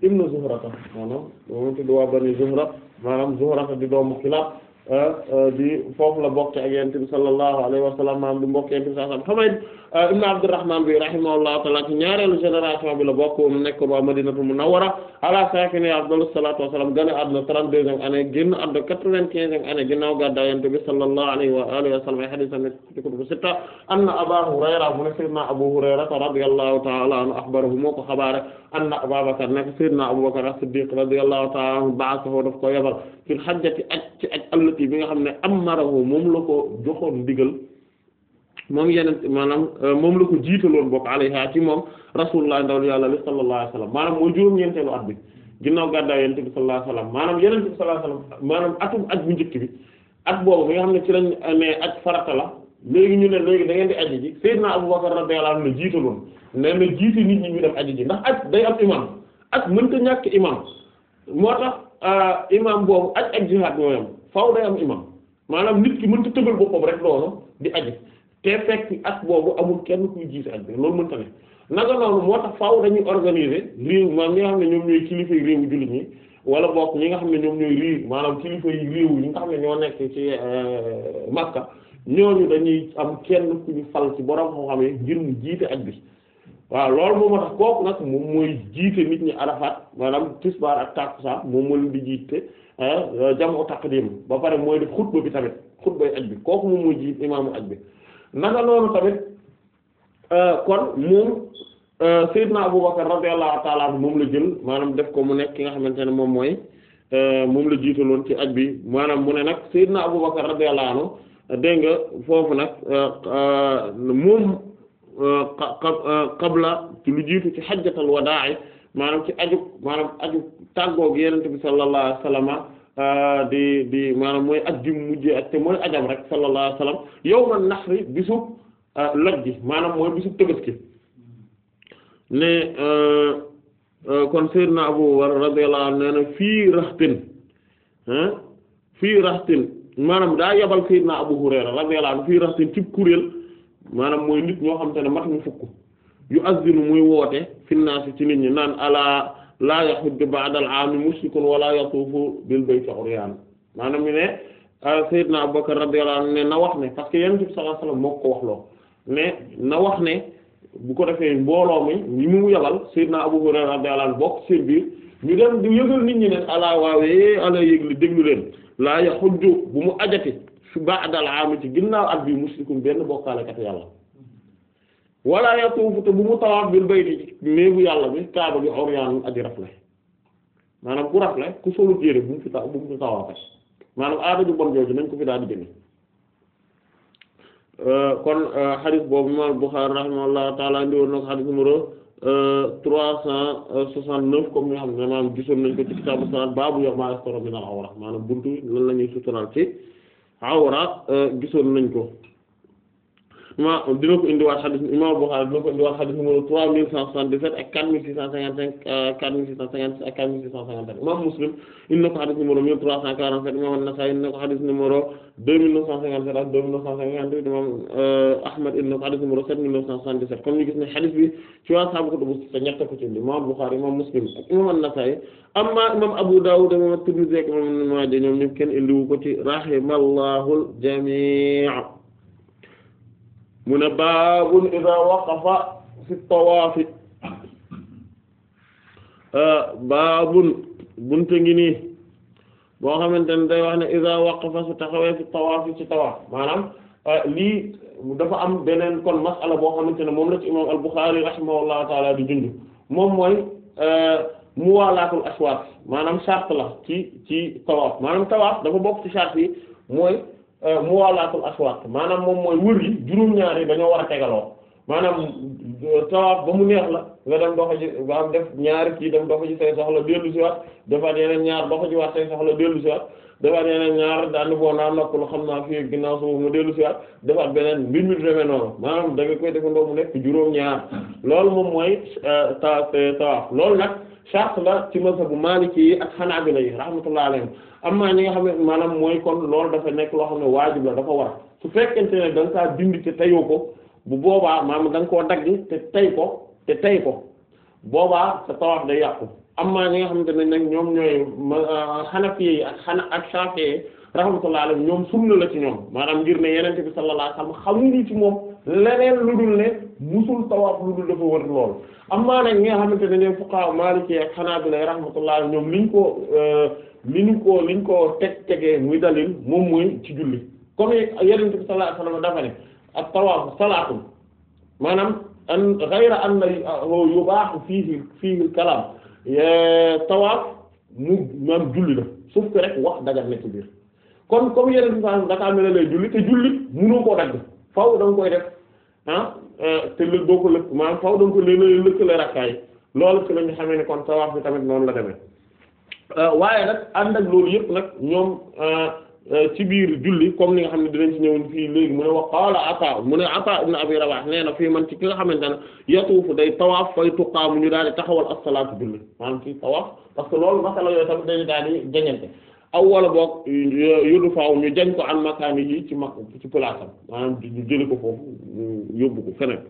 ibn Zuhrata maanaam moom tudd waa di doomu Kilaab euh, di foofu la bokk ak Yonent bi sallallahu alayhi wa sallam maanaam di mbokk Yonent bi sallallahu alayhi wa sallam Humayd ibn Abdurrahman bi rahimahullahu ta'ala ci ñaareelu génération bi la bokk mu nekk waa Madinatu Munawwara ala saakini afdalu salaatu wa salaam gane àdduna 32e année génn àdduna 95e année ginnaaw gàddaay Yonent bi sallallahu alayhi wa alihi wa sallam ay hadiis Hurayra mu ne Seydina Abu Hurayra radiyallahu ta'ala anhu axbarahu moo ko xabaare anna Abaa Bakar nekk Seydina Abu Bakar as-Siddiq radiyallahu ta'ala anhu ba'athahu daf ko yabal fil hajjati ak ci ak allati bi nga xam ne amarahu moom la ko joxoon ndigal moom yeneen maanaam euh, moom la ko jiitaloon bokk alayha ci moom rasulullah ndaw yàlla li sallallahu alayhi wasallam maanaam mooy juróom-ñeenteelu at bi ginnaaw gàddaay yonent bi sallallahu alayhi wasallam maanaam atum at bu njëkk bi at boobu bi nga xam ne ci lañ ne at farata la léegi ñu ne léegi da ngeen di aji ji Seydina Abubakar radiyallahu anhu la jiitaloon ne na jiite nit ñi ñu dem aji ji ndax at day am imam at mënta ñàkk imam moo tax euh, imam boobu aj ak jihaad mooyam faw day maanaam nit ki mënta tëbal boppam rek loolu di aji te fekk at boobu amul kenn kuy jiite at bi loolu mënta ne naka noonu moo tax faaw dañuy organiser réew maanaam ñi nga xam ne ñoom ñooy kilifa yi réewu ñi wala bokk ñi nga xam ne ñoom ñooy réew maanaam kilifa yi réew ñi nga xam ne ñoo nekk ci euh, Makka ñooñu dañuy am kenn ku ñu fal ci borom moo xam ne ngir mu jiite at bi waaw loolu moom moo tax kooku nag moom mooy jiite nit ñi Arafat maanaam tisbaar ak takkusaan moom moo leen di jiite euh, jamu taqdim ba pare mooy def bi tamit xutbay bi kooku moom mooy jiit imaamu bi naka loolu tamit euh, kon moom euh, Seydina Abu Bakar radiyallahu ta'ala moom la jël maanaam def ko mu nekk ki nga xamante ne moom mooy euh, moom la jiitaloon ci aj bi maanaam mu ne nag Seydina Abu Bakar radiyallahu anhu nga foofu nag moom qabla ci lu jiitu ci xajjatal wadaa'i maanaam ci aju maanaam aju tàggoog yenente bi sallallahu Ah, di di maanaam mooy aj ji mujjee ak te mooy ajam rek sallallahu alayhi wa sallam yawma nahri bisub ah, loj ji maanaam mooy bisub Tabaski ne ah, kon Seydina Abu fii raxtin fii raxtin maanaam daa yabal Seydina Abu Hurayra radiyallahu anhu fii raxtin cib kuréel maanaam mooy nit ñoo xam te ne mat ñu fukk yu azzinu muy woote finnaasi ci nit ñi naan ala laa yahujju ba'dal aami mushrikun wala yatuufu bil bayti uryaan maanaam mi ne euh, Seydina Abubakar radiyallahu anhu ne na wax ne parce que Yonent bi sallallahu alayhi moo ko wax loo ne na wax ne bu ko defee mbooloo mi li mu yabal Seydina Abu Hurayra radiyallahu anhu bokk seen biir ñu dem di yëgal nit ñi ne ala waawee eh, ala yëgli déglu leen laa yahujju bu mu ajati ba'dal aami ci ginnaaw at bi mushrikun benn bokkaalekat yàlla wala yatuufu te bu mu tawaaf bil bayti néegu yàlla bi kaaba gi oryaanun aji rafle maanaam ku rafle ku solu téere bu mu fi ta bu mu fi tawaafe maanaam aada ju bon jooju nañ ko fi daal di génne euh, kon euh, xadis boobu imaam Buxaari rahimahullahu taala indi woon na xadis numéro euh, trois cent soixante-neuf comme nga xam ne maanaam gisoon nañ ko ci kitaabu salaat baabu yor maa astara min al awra maanaam buntu lan la ñuy sutural ci awra gisoon nañ ko ma dina ko indiwaat xadis imam Bukhari dina ko indiwaat xadis numéro 3177 ak 4655 4656 euh, ak 4657 imam Muslim indi na ko xadis numéro 1347 imam An-Nasa'i indi na ko xadis numéro 2957 ak 2958 imam euh, Ahmad indi na ko xadis numéro 7977 comme ni gis ne xadis bi ci waa saabu kutubu sitta ñett ko ci indi imam Bukhari imam Muslim ak imam An-Nasa'i amma imam Abu Dawud imam At-Tirmidhi ak imam Ibn Maaja ñoom ñëpp kenn indiwu ko ci rahimallahu al-jami' mu ne baabun iza waqafa fi tawaafi euh, baabun bunte ngi nii boo xamante ne day wax ne iza waqafa su taxawee fi tawaafi ci tawaaf maanaam euh, lii dafa am beneen kon masala boo xamante ne moom la ci imam al-Bukhari rahimahullahu taala di junj moom mooy euh, muwaalaatul aswaat maanaam charte la ci ci tawaaf maanaam tawaaf dafa bokk ci charte yi mooy Euh, muwaalaatul aswaat maanaam moom mooy wër yi juróom-ñaar yi dañoo war a tegaloo maanaam euh, tawaaf ba mu neex la nga dem doxo ji ba am def ñaari kii dem doxo ji say soxla dellu si waat defaat yeneen ñaar doxo ji waat say soxla dellu si waat defaat ñaar daanni boo naa noppalu xam naa fii ginnaaw suba mu dellu si waat defaat beneen mbir mi demee noonu maanaam danga nga koy defandoo mu nekk juróom-ñaar loolu moom mooy euh, ta tawaaf loolu nag chart la ci mazhabu maliki yi ak xanaabila yi rahmatullah am amma ñi nga xam ne maanaam mooy kon loolu dafa nekk loo xam ne waajib la dafa war su fekkente da nga kaa dindi te bu boobaa maam da nga koo dagg te tey ko te tey ko boobaa sa tawaaf day yàqu amma ñi nga xamante ne nag ñoom ñooy xanafi ah, yi ak xana ak Shafi'i rahmatullah alayhi ñoom sunna la ci ñoom maanaam ngir ne yenente bi sallallahu alayhi wasallam xamuñu ci moom leneen lu dul ne musul tawaaf lu dul dafa wër lool amma nag ñi nga xamante ne ñooy fuqaha maliki ak xanaabila rahmatullah alayhi ñoom liñ ko euh, li ñu ko liñ ko teg tegee muy dalil moom mooy ci julli comme yenente bi sallallahu ak tawaafu salaatun maanaam an ghayra an na yubaahu fiihi fiihi kalaam tawaaf mu maam julli la sauf que rek wax dagat na ci biir kon comme yeneen saa dakaa mel ne lay te julli mënoo koo dagg faaw da nga koy def te lëg doo ko lëkk maanaam faaw da ko lëna lëkkale rakkaay loolu ci la xamee ne kon tawaaf bi tamit noonu la demee waaye nag ànd ak loolu yëpp nag ñoom Euh, ci biir julli comme li nga xam ne dinañ ci ñëw fii léegi mu ne wa qaala Ataa mu ne Ataa ibn Abi Rabaah nee na fii man ci ki nga xamante ne yatuufu day tawaaf fay tuqaamu ñu daal di taxawal as-salaatu julli maanaam ci tawaaf parce que loolu masala yooyu tamit dañu daal di ñu jañ ko an makaani yi ci mag ci palaasam maanaam ñu jëli ko foofu yóbbu ko feneen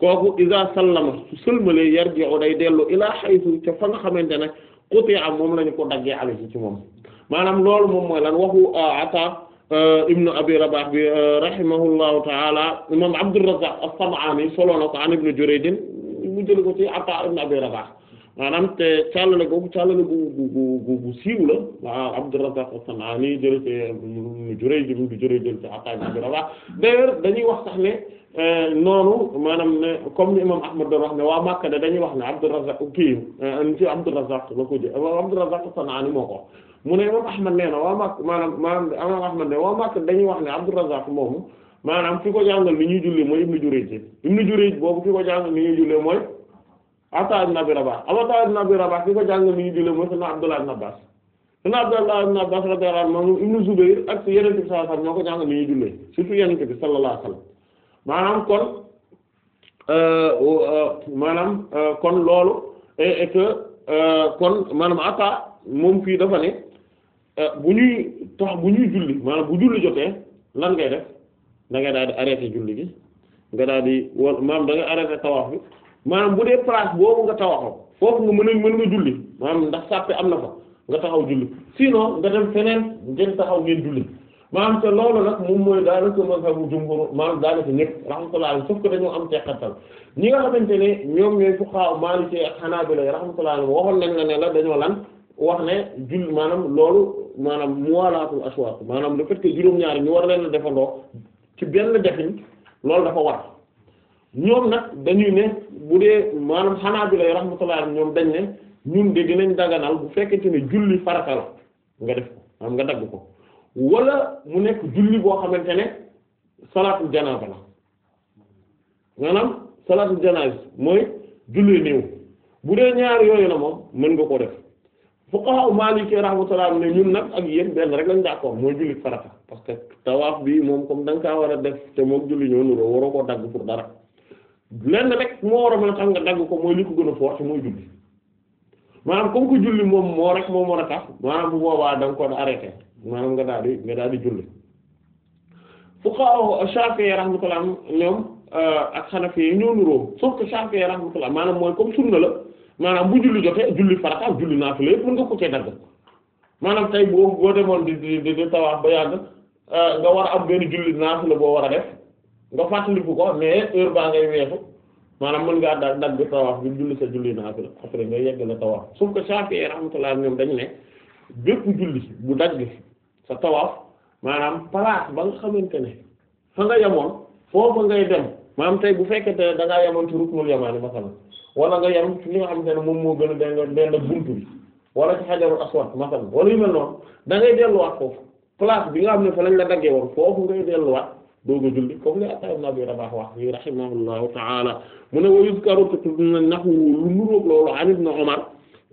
kooku iza sallama su sëlmalee yarji'u day dellu ilaa haythu ca fa nga xamante ne quti'a moom la ko daggee alayhi ci moom maanaam loolu moom mooy lan waxu euh, Ata euh, ibn Abi Rabah bi euh, rahimahullahu ta'ala imam Abdurrazzaq as-Sam'ani solo na ko an ibn Jurayd mu jël ko ci Ata ibn Abi Rabah maanaam te càllale googu càllale gu gu gu gu siiw la waaw Abdurrazzaq as-Sam'ani jël ci ibn Jurayd ibn Jurayd jël ci Ata ibn Abi Rabah d'ailleurs dañuy wax sax ne Euh, noonu maanaam ne comme ni imam Ahmad doon wax ne waa Makka de dañuy wax ne Abdurrazzaq kii ci euh, Abdurrazzaq la ko jël Abdurrazzaq Sanaani moo ko mu ne imam Ahmad nee na waa Makka maanaam maanaam imam Ahmad ne waa Makka dañuy wax ne Abdurrazzaq moomu maanaam fi ko jàngal ni ñuy julli mooy Ibnu Jurayj Ibnu Jurayj boobu fi ko jàngal ni ñuy jullee mooy Ata ibn Abi Rabah Ata ibn Abi Rabah fi ko jàngal ni ñuy jullee mooy suna Abdullah ibn Abbas suna Abdullah ibn Abbas radiyallahu anhu ak si yenente bi sallallahu alayhi wasallam ñoo ko jàngal ni ñuy jullee maanaam kon euh, euh, maanaam euh, kon loolu et que kon maanaam atta moom fii dafa ne bu ñuy tax bu ñuy julli maanaam bu julli jotee lan ngay def da ngay daal di arrêté julli gi nga daal di wal maanaam da ngay arrêté tawaaf bi maanaam bu dee place boobu nga tawaxoo foofu nga mën a mën nga julli maanaam ndax sàppe am na fa nga taxaw julli sinon nga dem feneen ngeen taxaw ngeen julli maanaam te loolu nag moom mooy daal mazhabu jumhur maanaam daanaka ñëpp rahmatullah alayhi sauf que am teqantal ñi nga xamante ne ñoom ñooy fuqaha Maliki ak Hanabila rahmatullah alayhi waxoon nañ la ne la dañoo lan wax ne jull maanaam maanaam muwalaatul aswaat maanaam le fait que juróom-ñaari ñu war leen defandoo ci benn jafin loolu dafa war ñoom nag dañuy bu dee maanaam Hanabila rahmatullah alayhi ñoom dañ ne ñun de dinañ daganal bu fekkente ne julli farata la nga def ko maanaam nga dagg ko. wala mu nekk julli boo xamante ne salaatul janaaba la maanaam salaatul janaaba mooy julli néew bu dee ñaar yooyu na moom mën nga ko def fuqaha maliki rahmatullah ne ñun nag ak yéen benn rek lañ d'accord mooy julli farata parce que tawaaf bi moom comme da nga kaa war a def te moom julli ñoo nuroo waroo koo dagg pour dara lenn rek moo war a a tax nga dagg ko mooy li ko gën a fort mooy julli maanaam comme que julli moom moo rek moom a tax bu boobaa da maanaam nga daal di nga daal di julli fuqaha laa rahmatullah ñoom euh, ak Hanafi yi ñoo nuroo sauf que maanaam mooy comme sunna la maanaam bu julli jote julli farata julli naafila yëpp mën nga ko cee dagg maanaam tey boo boo demoon di euh, boo war a def nga fàttaliku ko mais heure baa ngay weesu maanaam mën ngaa da dagg tawaaf bi julli sa julli naafila après nga yegg la tawaaf sauf que Shafi'i rahmatullah ñoom dañ ne bépp julli bu dagg sa tawaaf maanaam place ba nga xamante ne fa nga yemoon foofu ngay dem maanaam tey bu fekkente da ngaa yemoon ci ruknul yamaani masalan wala nga yem ci li nga xamante ne moom moo gën a dend dend ak buntu bi wala ci xajarul aswad masalan wala yu mel noonu da ngay delluwaat foofu place bi nga xam ne fa lañ la daggee woon foofu ngay delluwaat doog a julli comme li Ataa ibn Abi Rabaah wax yi rahimahullahu ta'ala mu ne wa yuzkaru naxwu lu nuroog loolu an ibn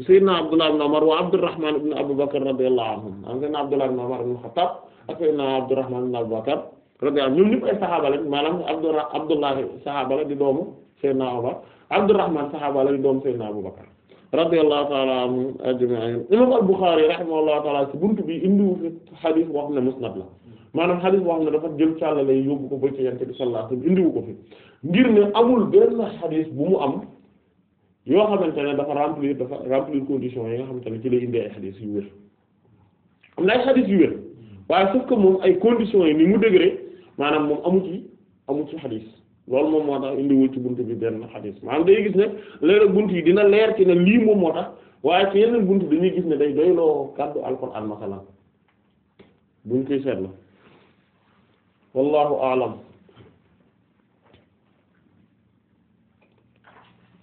Seydina Abdullah ibn Umar wa Abdurrahman ibn Abu Bakr radiyallahu anhum am Seydina Abdullah ibn Umar ibn Khattab ak Seydina Abdurrahman ibn Abu Bakr radiyallahu ñoom ñëpp ay saxaaba lañ maanaam Abdurrahman Abdullah saxaaba la di doomu Seydina Umar Abdurrahman saxaaba la di doomu Seydina Abu Bakr radiyallahu ta'ala anhum ajma'in imam al-Bukhari rahimahullahu ta'ala ci buntu bi indiwu fi xadis boo jël càlla lay yóbbu ko ba ci bi sallallahu alayhi indiwu ko fi ngir ne amul benn xadis bu mu am yoo xamante ne dafa remplir dafa remplir condition yi nga xamante ne ci lay indi ay xadis yu wér am na ay xadis yu wér waaye sauf que moom ay conditions yi ni mu degré maanaam moom amu ci amu ci xadis loolu moom moo tax indiwul ci bunt bi benn maa maanaam day gis ne léeg-léeg bunt yi dina leer ci ne lii moom moo tax waaye ci yeneen bunt dañuy gis ne day doyloo kàddu alxuraan masalan buñ koy seetla wallahu a'lam